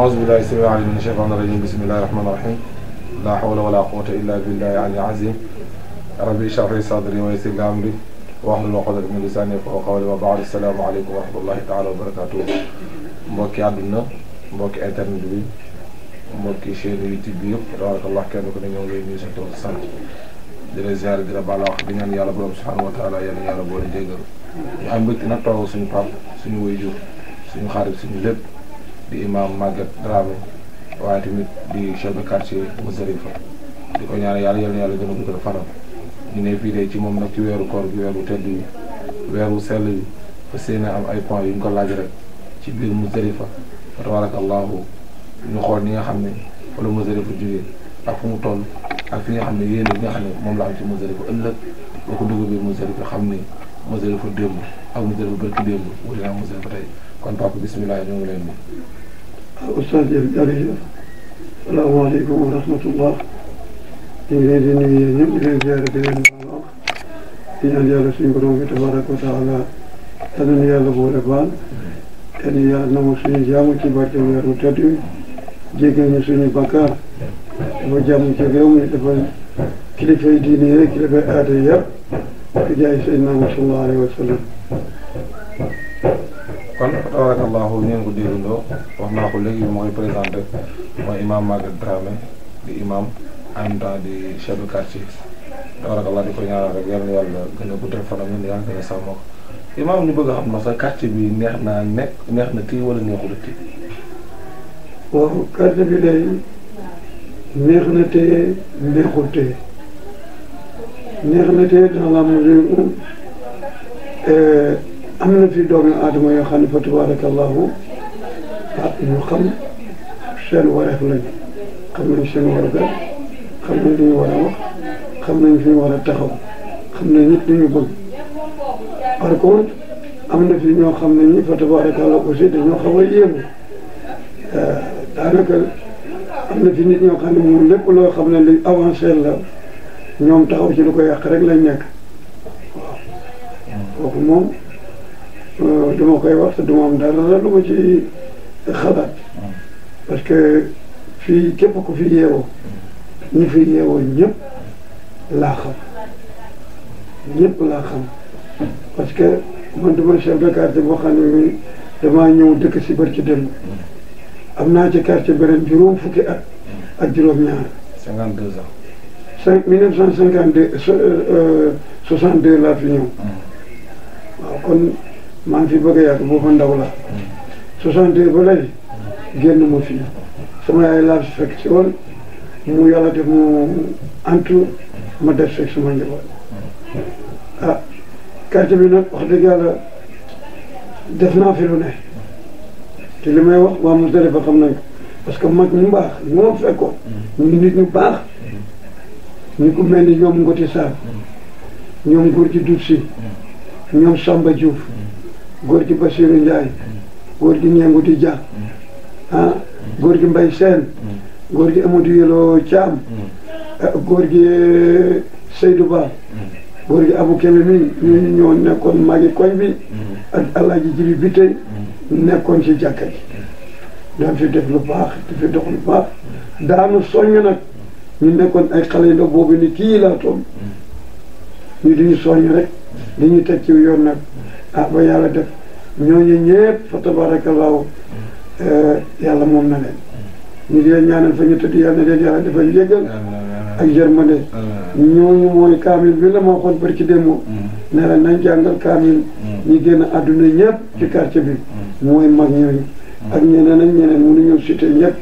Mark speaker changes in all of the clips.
Speaker 1: أعوذ بالله السميع العليم من الشيطان الرجيم بسم الله الرحمن الرحيم لا حول ولا قوة إلا بالله العلي العظيم ربي اشرح لي صدري ويسر لي أمري واحلل عقدة من لساني يفقهوا قولي وبعد السلام عليكم ورحمة الله تعالى وبركاته mbokki àdduna mbokki internet bi mbokki chaîne YouTube bi yëpp tabarakallah kenn ku ne ñoo ngi lay nuyu sa tool sant di la ziare di la baal wax di ñaan yàlla borom subhanahu wa taala yéen yàlla boole jéggal ñu am mbégte nag toog suñu pap suñu waajur suñu xarit suñu lépp di imam Maguette Dramé waaye tamit di chef de quartier Mousdalifa di ko ñaan yàlla yal na yàlla gën a guddal fanam ñu ne fii de ci moom nag ci weeru koor gi weeru tedd yi weeru sell yi fa seen am ay point yu ñu ko laaj rek ci biir Mousdalifa fa tabaraka allahu ñu xool ni nga xam ne fa la Mousdalifa jógee ak fu mu toll ak fi nga xam ne yéen bi nga xam ne moom la am ci Mousdalifa ëllëg boo ko dugg biir Mousdalifa xam ne mos a fa démb ak mos a fa barki démb wala kon papa bisimilah ñu leen di.
Speaker 2: Ah, oustaz jërëjëf jërëjëf salaamaaleykum wa rahmatullah ñu ngi leen di nuyu yéen ñëpp di leen ziare di leen maanaam di ñaan yàlla suñu borom bi tabaraka wa taala yal na yàlla na yàlla nangu suñu jaamu ci barke weeru tedd wi jéggal suñu bakkaar dafa jàmm ci réew mi dafa kilifay diine yi kilifay aada yi yëpp ci jaay Seydina Muhammad sallallahu alayhi wa sallam
Speaker 1: kon tabarakallahu ngeen ko déggandoo wax naa ko léegi bi ma koy mooy imam Maguette Dramé di imam en di chef de quartier tabarakallah di ko ñaanal rek yal na yàlla gën a guddal fanam yal na yàlla imam ñu bëgg a xam na sa quartier bi neex naa nekk neex na kii wala neexul kii
Speaker 2: waaw quartier bi day neex na téye neexul téye neex na te dina la am am na fi doomi aadama yoo xam ne fa tabarakallahu ah ñu xam seen wareef lañ xam nañ seen warugar xam nañ li ñu wax xam nañ fi ñu taxaw xam nañ nit ñi ñu bëgg par am na fi ñoo xam nañu ñi fa tabarakallahu aussi dañoo xaw a yéemu eh, daanaka am na fi nit ñoo xam ne moom lépp loo xam ne li avancé la. ñoom taxaw ci lu ko yàq rek lañ nekk waaw moom euh, duma koy wax te duma am dara lu ma ci xalaat hmm. parce que fii képp ko fi yeewoo ñu fi yeewoo ñëpp laa xam ñëpp laa xam parce que man duma chef de quartier boo xam ne damaa ñëw dëkk si bër ci dem hmm. am naa ci quartier beneen juróom fukki at ak juróom ñaar cinq mille neuf cent cinquante deux euh, euh, soixante deux laa fi ñëw
Speaker 1: mm.
Speaker 2: waaw kon maa fi bëgg a yàgg booba ndaw la mm. soixante deux ba léegi génn ma fii sama yaay laa fi fekk si woon mu yàlla def mu antu ma def fekk sama njaboot mm. ah quartier bi nag wax dëgg yàlla def naa fi lu ne li may wax waa Mousdalifa ba xam nañ parce que mag ñu baax ñu ma fekkoon nit ñu baax ñu ko mel ni ñoom Ngoti Sarr ñoom góor gi Dut ñoom Samba Diouf góor gi Basiru Ndiaye góor gi Ñenguti Dia ah góor gi Mbay Seen góor gi Amadou Yelo Thiam eh, góor gi eh, Seydou Ba góor gi Abou Kébé mi ñu ñoo nekkoon magi koñ bi ak Alaaji Jibi bi nekkoon ci jàkka ji daan fi def lu baax di dox lu baax daanu soññ nag ñu nekkoon ay xale yu dox boobu ni kii laa toll ñu di ñu soññ rek di ñu teg ci yoon nag ah ba yàlla def ñooñu ñëpp fa tabaarakallaahu eh, yàlla moom na leen ñu di leen ñaanal fa ñu tëdd yàlla leen yàlla defal njéggal ak ñoo ñooñu mooy kaamil bi la moo waxoon bari ci démb mm. ne la nañ jàngal kaamil mm. ñi génn àdduna ñëpp ci mm. quartier bi mooy mag ñooñu ak ñeneen ak ñeneen mënuñu cité ñëpp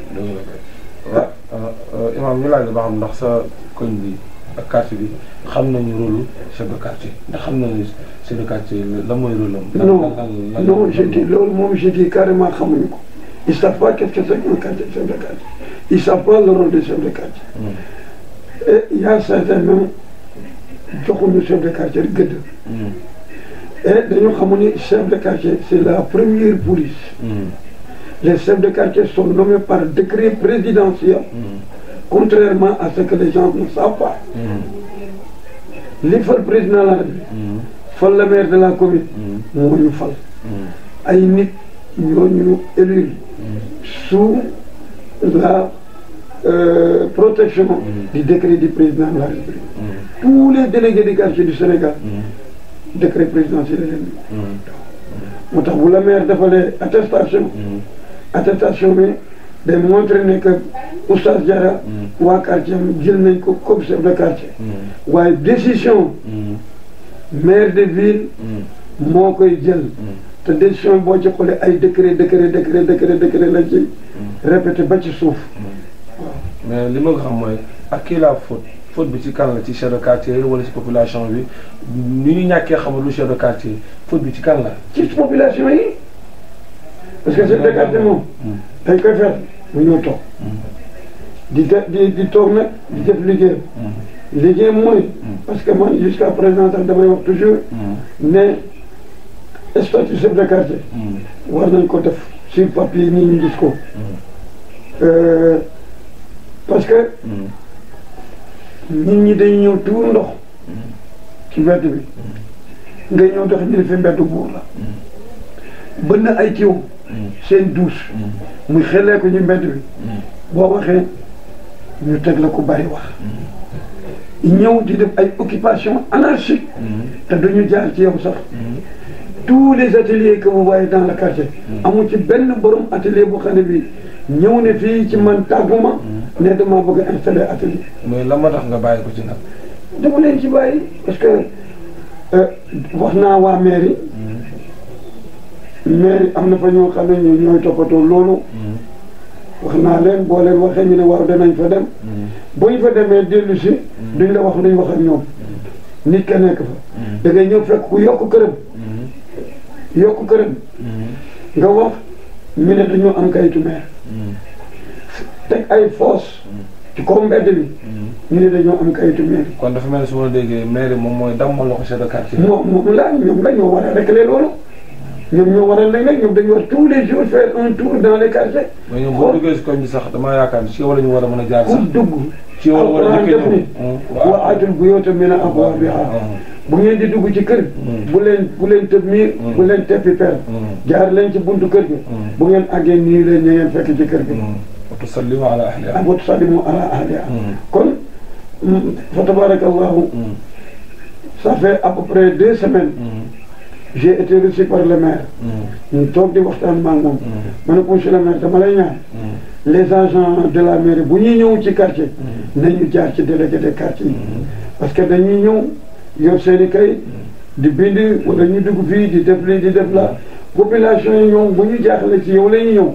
Speaker 2: maam ñu laaj la ba xam ndax sa koñ bi
Speaker 1: ak quartier xam nañu rôle chef de quartier ndax xam nañu chef de quartier lan mooy rôle
Speaker 2: am. non non je dis loolu moom je dis carrément xamuñu ko ils savent pas qu'est-ce que c'est un quartier chef de quartier ils savent pas le rôle de quartier.
Speaker 3: Hmm.
Speaker 2: et y a certains même joxuñu chef de quartier gëdd. Hmm. et dañoo xamu ni chef de quartier c'est la première police. Hmm. les chefs de quartier sont nommés par décret présidentiel. contrairement à ce que les gens ne savent
Speaker 3: mm-hmm.
Speaker 2: li fal président la République. Mm-hmm. fal la maire de la commune. Mm-hmm. moo ñu fal. ay nit ñoo ñu sous la euh, protection. du décret du président de la République. tous les délégués des quartiers du Sénégal. décret présidentiel la moo tax bu la maire defalee attestation. attestation bi. day montré ne que oustaz Diarra mm. waa quartier am jël nañ ko comme chef de quartier mm. waaye décision
Speaker 3: mm.
Speaker 2: maire de ville moo koy jël te décision boo ci xoolee ay décret décret décret décret décret lañ ci répété ba ci suuf
Speaker 1: mais li ma nga xam mooy ak kii la faute faute bi ci kan la ci chef de quartier yi wala ci population bi ni ñu ñàkkee xamul lu chef de quartier faute bi ci kan
Speaker 2: la ci population yi parce que chef quartier moom dañ koy mu ñëw di di di toog na di def liggéey liggéey mooy parce que man jusqu'à présent sax damay wax toujours ne statut de quartier war nañ ko def sur papier ñi ñu gis ko euh, parce que nit ñi dañu ñëw tuur bi nga ñëw dox ñu ne fi mbedd buur la ay tiw seen douche. muy xellee ko ñu mbedd bi. boo waxee ñu teg la ko bari wax. ñëw di def ay occupation anarchique. te ñu jaar ci yow sax. tous les ateliers que vous voyez dans le quartier. amul ci benn borom atelier boo xam ne ñëw ne fii ci man tàgguma. ne damaa bëgg a installer atelier.
Speaker 1: mais lan moo tax nga bàyyi ko ci nag.
Speaker 2: dama leen ci bàyyi parce que euh, wax naa waa mairie. mais am na fa ñoo xam ne ñoom ñooy toppatoo loolu. wax naa leen boo leen waxee ñu ne waaw danañ fa dem. boo ñu fa demee dellu si. duñ la wax luñ wax ak ñoom. nit ka nekk fa. da ngay ñëw fekk ku yokk këram. yokk këram. nga wax mu ne dañoo am kayitu meer. teg ay foos. ci kaw bi. ñu ne dañoo am kayitu meer. kon dafa
Speaker 1: mel ni su ma déggee maire moom mooy dammal loxo chef de
Speaker 2: quartier. moom moom la ñoom la ñoo war a loolu. ñoom ñoo waral léeg-léeg ñoom dañu war tous les jours faire un tour dans les quartiers. mais ñoom boo duggee
Speaker 1: si koñ sax damaa yaakaar ne si ñu war a mën a jaar sax. pour dugg. si yow la war a njëkk a ñëw wa hmm,
Speaker 2: atul buyuuta min hmm, abwaabihaa hmm. bu ngeen di dugg kër. bu leen bu leen tëb miir. bu leen teppi per. jaar leen ci buntu kër gi. bu ngeen àggee nii leen ñu ngeen fekk ci kër gi. wa tusallimu ala ahlihaa wa tusallimu ala ahlihaa kon fa tabaaraka allahu. ça fait à peu près deux semaines. j'ai été reçu par le mm. ñu toog di waxtaan maa ngi moom. Mm. ma ne ko dama lay ñaan. Mm. les agents de la mairie bu ñuy ñëw ci quartier. nañu jaar ci délégué de quartier yi. parce que dañuy ñëw yor seen i kay. di bind wala ñu dugg fii di def lii di def la population yi ñoom bu ñu jaaxle ci yow la ñu ñëw.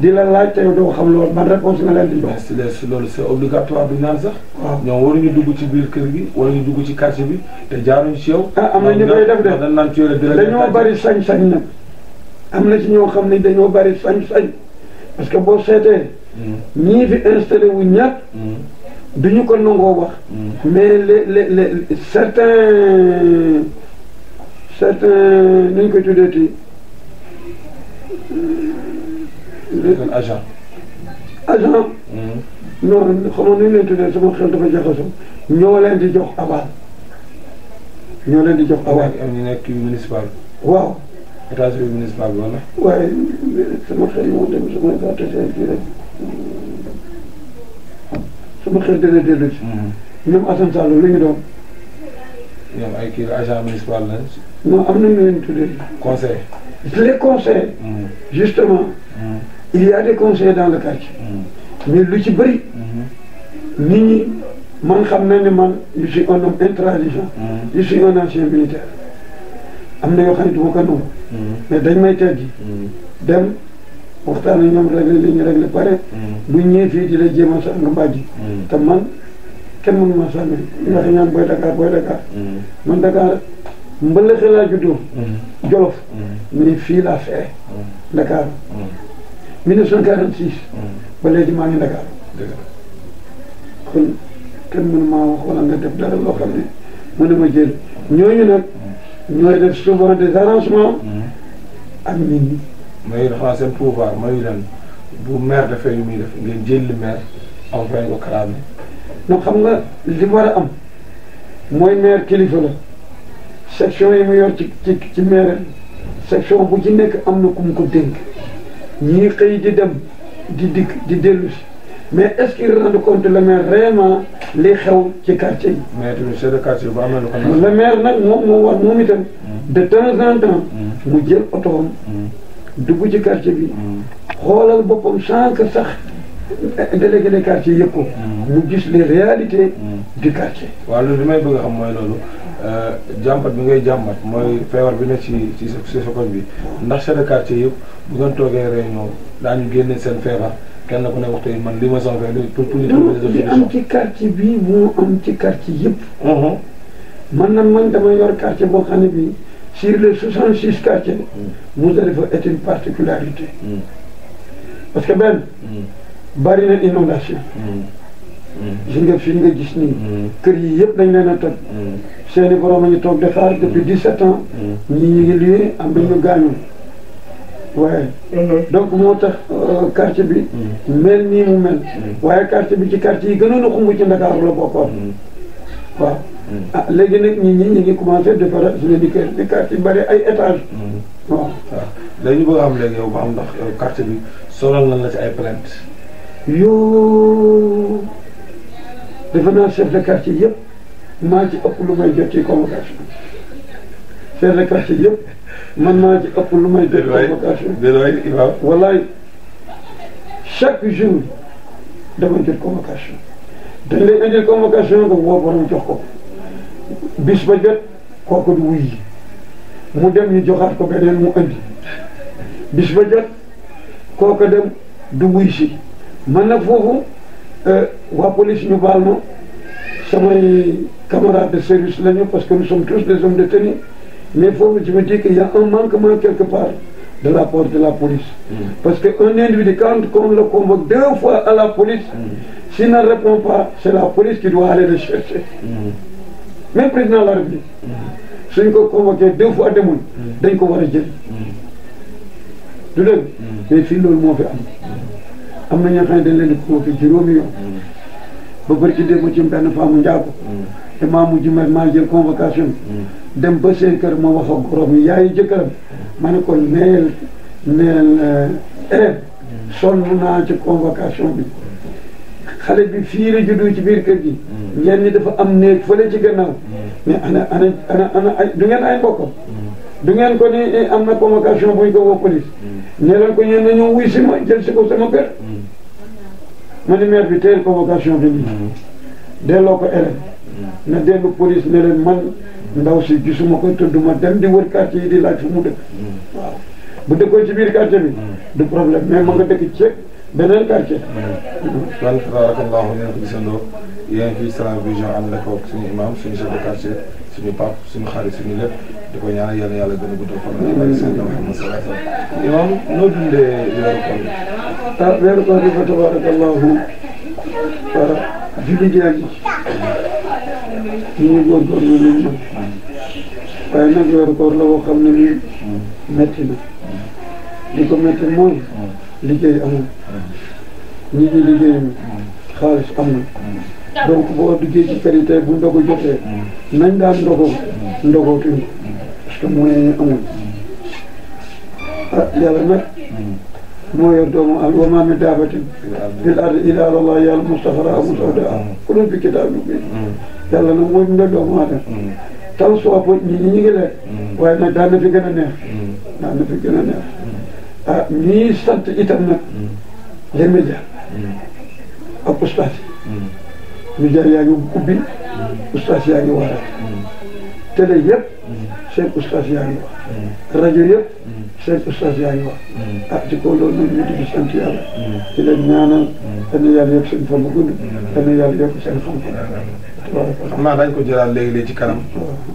Speaker 2: di la laaj tey doo xam loolu man réponse nga leen di si les loolu c'est obligatoire du ñaan sax. waaw ñoom waruñu dugg ci biir kër gi waruñu dugg ci quartier bi te jaaruñ si yow. ah am na ñu koy def de dañ naan ci bari sañ-sañ nag am na ci ñoo xam ne dañoo bari sañ-sañ parce que boo seetee. Hmm. ñii fi installé wu ñett. Hmm. duñu ko nangoo wax. Hmm. mais les les les certains certains nu ñu ko tuddee
Speaker 1: agent.
Speaker 2: agent. Hmm. non xam nga nañ leen tuddee sama xel dafa jaxasoo ñoo leen di jox aval. ñoo leen di jox aval am ñu nekk municipal. waaw. état civil municipal wala. waaye sama xel yi moom tamit sama gàttal kii rek xel dana dellu hmm. ñoom Assane Sall lu ñu doon.
Speaker 1: ñoom ay kii agent municipal la.
Speaker 2: non am nañu leen tuddee. conseil. les conseils. Hmm. justement. il y a des conseillers dans le quartier. Hmm. mais lu ci bëri. Hmm. nit ñi man xam na ne man je suis un homme intransigeant. Hmm. je suis un ancien militaire. am na yoo xam ne du ko nangu. mais dañ may tedd. dem waxtaan ak ñoom réglé li ñu réglé pare. bu ñëwee fii di la jéem a sàng mbàjji. te man kenn mënu ma sànni. ñu wax ñaan booy Dakar booy Dakar. man Dakar mbëllëxe laa juddoo. Jolof. mais fii la fee. Dakar. 1946. Mm. ba léegi maa ngi Dakar. kon kenn mën maa wax wala nga def dara loo xam ne mën na ma jël ñooñu nag. Mm. ñooy def souvent des arrangements. Mm. ak nit ñi. mooy dafa seen pouvoir mooy lan bu maire dafay lu muy def ngeen jël li maire envoyé ko kalaame. donc xam nga li war am mooy maire kilifa la section yi mu yor ci ci ci maire bu ci nekk am na ku mu ko dénk. ñii xëy di dem di dikk di dellu mais est-ce qu'il rend compte le maire réellement li xew ci quartier yi.
Speaker 1: mais tamit chef de quartier
Speaker 2: nag moom moo war moom itam. Mm. de temps en temps. Mm. mu jël otoom. Mm. dugg ci quartier bi. xoolal boppam sans que sax délégué les quartiers yëpp ko. Hmm. gis les réalités. Hmm. du quartier.
Speaker 1: waaw loolu li may bëgg a xam mooy loolu euh, jàmbat bi ngay jàmbat mooy feebar bi ne ci ci sa koñ bi ndax chef de quartier yëpp bu ngeen toogee réunion daañu génne seen feebar kenn
Speaker 2: ku ne waxtu yi man li ma soxla pour pour. li am ci quartier bi moo am ci quartier yëpp. Hmm. man nag man dama yor quartier boo xam ne bii le les soixante six quartiers. Mousdalifa est une particularité. parce que benn. bari na inondation
Speaker 3: mm.
Speaker 2: gis nga fii nga gis nii mm. kër yi yëpp dañ leen a toj mm. seeni borom a ñu toog di xaar depuis dix-sept ans ñii ñu ngi liyee am nañu gaañu waaye mm-hmm. donc moo tax euh, quartier bi mel nii mu mel waaye quartier bi ci quartier yi gënoon a xumb ci Ndakaaru la bokkoon waaw ah léegi nag ñi ñi ñu ngi commencé defaraat suñu di kër di quartier bari ay étage waaw waaw léegi ñu bëgg am léegi yow ba am ndox euh, quartier bi solal na la ci ay plainte yoo defe naa chef quartier yëpp maa ci ëpp lu may jot ci convocation chef quartier yëpp man maa ji ëpp lu may jot convocation waaw wallaay chaque jour dama jot convocation dañ lay convocation nga woo borom jox ko bis ba jot kooku du wuy mu dem ñu joxaat ko beneen mu andi bis ba jot kooku dem du wuy si man nag foofu euh, waa police ñu baal ma samay camarades de service lañu parce que nous sommes tous des hommes de tenue mais foofu je me dis qu'il y a un manquement quelque part de la part de la police. Mmh. Parce qu'un individu, quand on le convoque deux fois à la police, mmh. s'il ne répond pas, la police qui doit aller le chercher. Mmh. président de la République, mm. si on convoque deux fois de monde, on va le dire. Mais c'est le mot am na ñoo xam ne dañ leen di convoqué juróomi yoon ba bëri ci démb ci benn faamu njaago te maa mujj ma maa jël convocation bi dem ba seen kër ma wax ak borom yaayu jëkkëram ma ne ko neel neel élève eh, eh. sonn naa ci convocation bi xale bi fii la juddu ci biir kër gi ngeen ni dafa am néeg fële ci gannaaw mais ana ana ana ana ay du ngeen ay mbokkam du ngeen ko ni eh, am na convocation buñ ko woo police ne leen ko ñeen nañoo wuy si ma jël si ko sama kër na maire bi teel convocation bi nii mhm. delloo ko élève na dellu police ne leen man ndaw si gisuma ko te duma dem di wër quartier yi di laaj fu mu dëkk mhm. waaw bu dëkkoon ci biir quartier bi mhm. du problème mais ma nga dëkk ceeb beneen quartier.
Speaker 1: wàllu tabarakallahu ñu ngi ko gisandoo yéen fii am na ko suñu imam suñu chef quartier suñu pap suñu xarit suñu lépp di ko ñaanal yàlla yàlla gën a gudd fan.
Speaker 2: di ko ñaanal yàlla gën ah weeru koor bi fa tabarakallahu julli jaar ci ñu góorgóorlu nañ nag waaye nag weeru koor la boo xam ne nii métti na li ko métti mooy liggéey amul ñi ngi liggéeyam xaalis amul donc boo duggee ci karité bu ndogu jotee nañ daan ndogoo ndogootuñ ko parce que moyen yi amul ah yàlla nag moo yor doomu am wa maa min daabatin fil ardi illa allah yàlla mustafara mustawdaa mm. kulun fi kitaab bi mm. yàlla nag mooy mbir doomu aadama mm. tal soo ko ñi ñi ngi lekk waaye nag daan na fi gën a neex daan na fi gën a neex ah ñii sant itam nag les médias ak ustaas
Speaker 3: yi
Speaker 2: médias yaa ngi ubbi ustaas yaa ngi waral télé yëpp seen ustaas yaa ngi
Speaker 3: wax
Speaker 2: rajo yëpp sëñ oustaz yaa ngi wax. ah ci kaw loolu nag di sant yàlla. di leen ñaanal. dana yàlla yokk seen fan bu gudd. dana yàlla yokk seen xam-xam. xam naa dañ ko
Speaker 1: jëlaat léegi léegi ci kanam.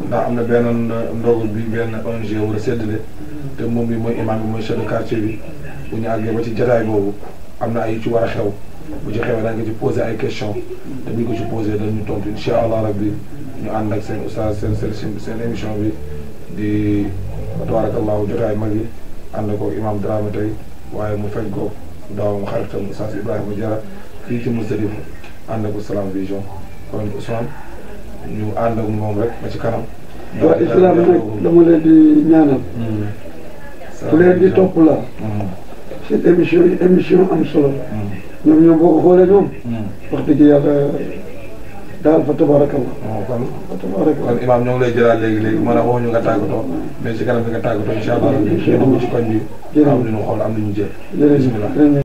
Speaker 1: ndax am na benn ndogu bi benn ONG war a séddale. te moom bi mooy imam bi mooy chef de quartier bi. bu ñu ci jotaay boobu am na ay yu ci a xew. bu ci xewee dañ ko ci posé ay question te bu ñu ko ci posé dañu tontu incha allah rabbi ñu ànd ak seen sen seen seen seen émission bi di. ba tabaarakallaahu jotaay mag yi ànd ko imam Dramé waaye mu feñ ko daawam xaritam Oustaz Ibrahima Diarra fii ci Mousdalif ànd ko Salam Vision kon Ousmane ñu ànd ak moom rek ba ci kanam. waaw islam rek
Speaker 2: dama leen di ñaanal.
Speaker 1: ku leen di topp la. Mm-hmm.
Speaker 2: seen émission am solo la. Mm-hmm. ñoom ñoom boo ko xoolee ñoom. Mm-hmm. wax dëgg yàlla. daal fa tabarakallah ah, kon kon imaam ñoo ngi lay
Speaker 1: jëlaat léegi léegi mën a woo ñu nga tàggatoo mais si kanam bi nga tàggatoo incha allah dugg ci koñ bi am nañu xool am nañu jël bismillah